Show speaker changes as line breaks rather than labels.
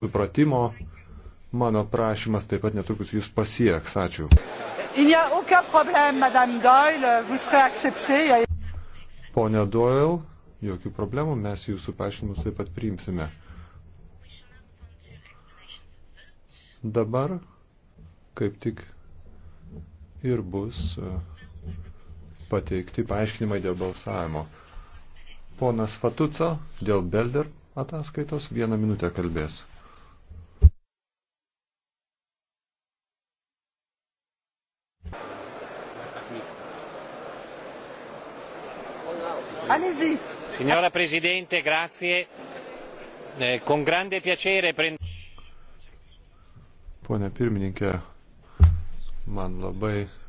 supratimo. Mano prašymas taip pat netrukus jūs pasieks. Ačiū. Pone Doyle, jokių problemų, mes jūsų paaiškinimus taip pat priimsime. Dabar kaip tik ir bus e, pateikti paaiškinimai dėl balsavimo. Ponas Fatuco dėl Belder ataskaitos vieną minutę kalbės.
signora presidente eh, con grande piacere prendo.
pone pirmininke man labai